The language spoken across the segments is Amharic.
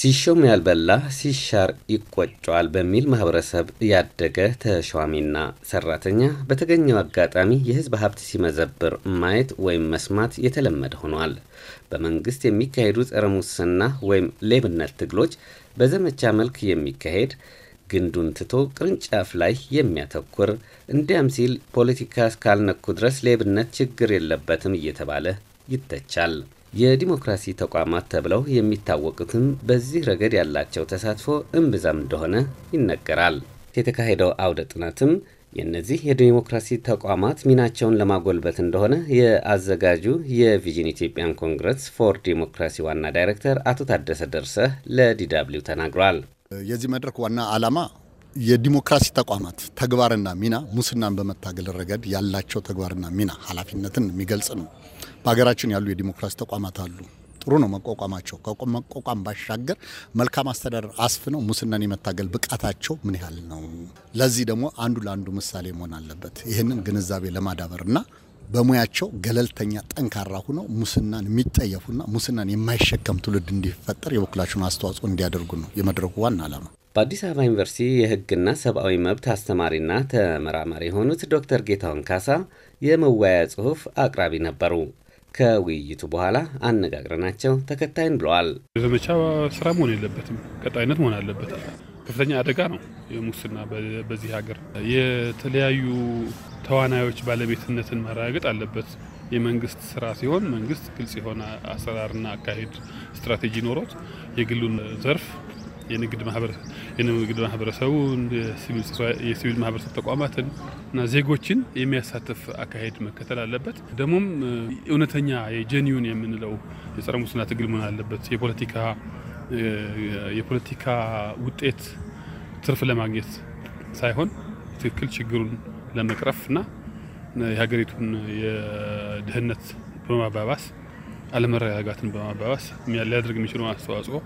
ሲሾም ያልበላ ሲሻር ይቆጫል በሚል ማህበረሰብ ያደገ ተሿሚና ሰራተኛ በተገኘው አጋጣሚ የህዝብ ሀብት ሲመዘብር ማየት ወይም መስማት የተለመደ ሆኗል። በመንግስት የሚካሄዱ ጸረ ሙስና ወይም ሌብነት ትግሎች በዘመቻ መልክ የሚካሄድ ግንዱን ትቶ ቅርንጫፍ ላይ የሚያተኩር እንዲያም ሲል ፖለቲካ እስካልነኩ ድረስ ሌብነት ችግር የለበትም እየተባለ ይተቻል። የዲሞክራሲ ተቋማት ተብለው የሚታወቁትም በዚህ ረገድ ያላቸው ተሳትፎ እምብዛም እንደሆነ ይነገራል። የተካሄደው አውደ ጥናትም የእነዚህ የዲሞክራሲ ተቋማት ሚናቸውን ለማጎልበት እንደሆነ የአዘጋጁ የቪዥን ኢትዮጵያን ኮንግረስ ፎር ዲሞክራሲ ዋና ዳይሬክተር አቶ ታደሰ ደርሰህ ለዲደብሊው ተናግሯል። የዚህ መድረክ ዋና ዓላማ የዲሞክራሲ ተቋማት ተግባርና ሚና ሙስናን በመታገል ረገድ ያላቸው ተግባርና ሚና ኃላፊነትን የሚገልጽ ነው። በሀገራችን ያሉ የዲሞክራሲ ተቋማት አሉ። ጥሩ ነው መቋቋማቸው። ከመቋቋም ባሻገር መልካም አስተዳደር አስፍነው ሙስናን የመታገል ብቃታቸው ምን ያህል ነው? ለዚህ ደግሞ አንዱ ለአንዱ ምሳሌ መሆን አለበት። ይህንን ግንዛቤ ለማዳበርና በሙያቸው ገለልተኛ ጠንካራ ሁነው ሙስናን የሚጠየፉና ሙስናን የማይሸከም ትውልድ እንዲፈጠር የበኩላቸውን አስተዋጽኦ እንዲያደርጉ ነው የመድረኩ ዋና ዓላማ። በአዲስ አበባ ዩኒቨርሲቲ የሕግና ሰብአዊ መብት አስተማሪና ተመራማሪ የሆኑት ዶክተር ጌታሁን ካሳ የመወያያ ጽሑፍ አቅራቢ ነበሩ። ከውይይቱ በኋላ አነጋግረናቸው ተከታይን ብለዋል። የዘመቻ ስራ መሆን የለበትም፣ ቀጣይነት መሆን አለበት። ከፍተኛ አደጋ ነው የሙስና በዚህ ሀገር። የተለያዩ ተዋናዮች ባለቤትነትን ማረጋገጥ አለበት። የመንግስት ስራ ሲሆን መንግስት ግልጽ የሆነ አሰራርና አካሄድ ስትራቴጂ ኖሮት የግሉን ዘርፍ የንግድ ማህበረሰቡን፣ የሲቪል ማህበረሰብ ተቋማትን እና ዜጎችን የሚያሳትፍ አካሄድ መከተል አለበት። ደግሞም እውነተኛ የጀኒዩን የምንለው የጸረ ሙስና ትግል መሆን አለበት። የፖለቲካ የፖለቲካ ውጤት ትርፍ ለማግኘት ሳይሆን ትክክል ችግሩን ለመቅረፍ እና የሀገሪቱን የድህነት በማባባስ አለመረጋጋትን በማባባስ ሊያደርግ የሚችለው አስተዋጽኦ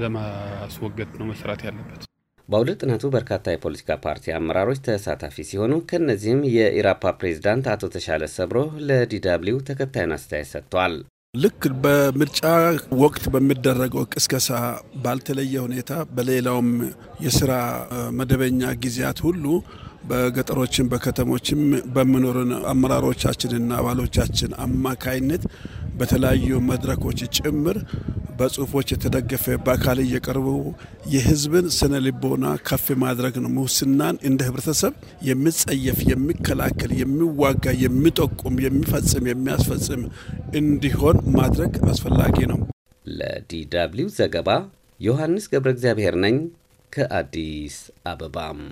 ለማስወገድ ነው መስራት ያለበት። በአውደ ጥናቱ በርካታ የፖለቲካ ፓርቲ አመራሮች ተሳታፊ ሲሆኑ ከእነዚህም የኢራፓ ፕሬዝዳንት አቶ ተሻለ ሰብሮ ለዲዳብሊው ተከታዩን አስተያየት ሰጥተዋል። ልክ በምርጫ ወቅት በሚደረገው ቅስቀሳ ባልተለየ ሁኔታ በሌላውም የስራ መደበኛ ጊዜያት ሁሉ በገጠሮችም በከተሞችም በምኖርን አመራሮቻችንና አባሎቻችን አማካይነት በተለያዩ መድረኮች ጭምር በጽሁፎች የተደገፈ በአካል እየቀርቡ የህዝብን ስነ ልቦና ከፍ ማድረግ ነው። ሙስናን እንደ ህብረተሰብ የሚጸየፍ፣ የሚከላከል፣ የሚዋጋ፣ የሚጠቁም፣ የሚፈጽም፣ የሚያስፈጽም እንዲሆን ማድረግ አስፈላጊ ነው። ለዲደብሊው ዘገባ ዮሐንስ ገብረ እግዚአብሔር ነኝ ከአዲስ አበባም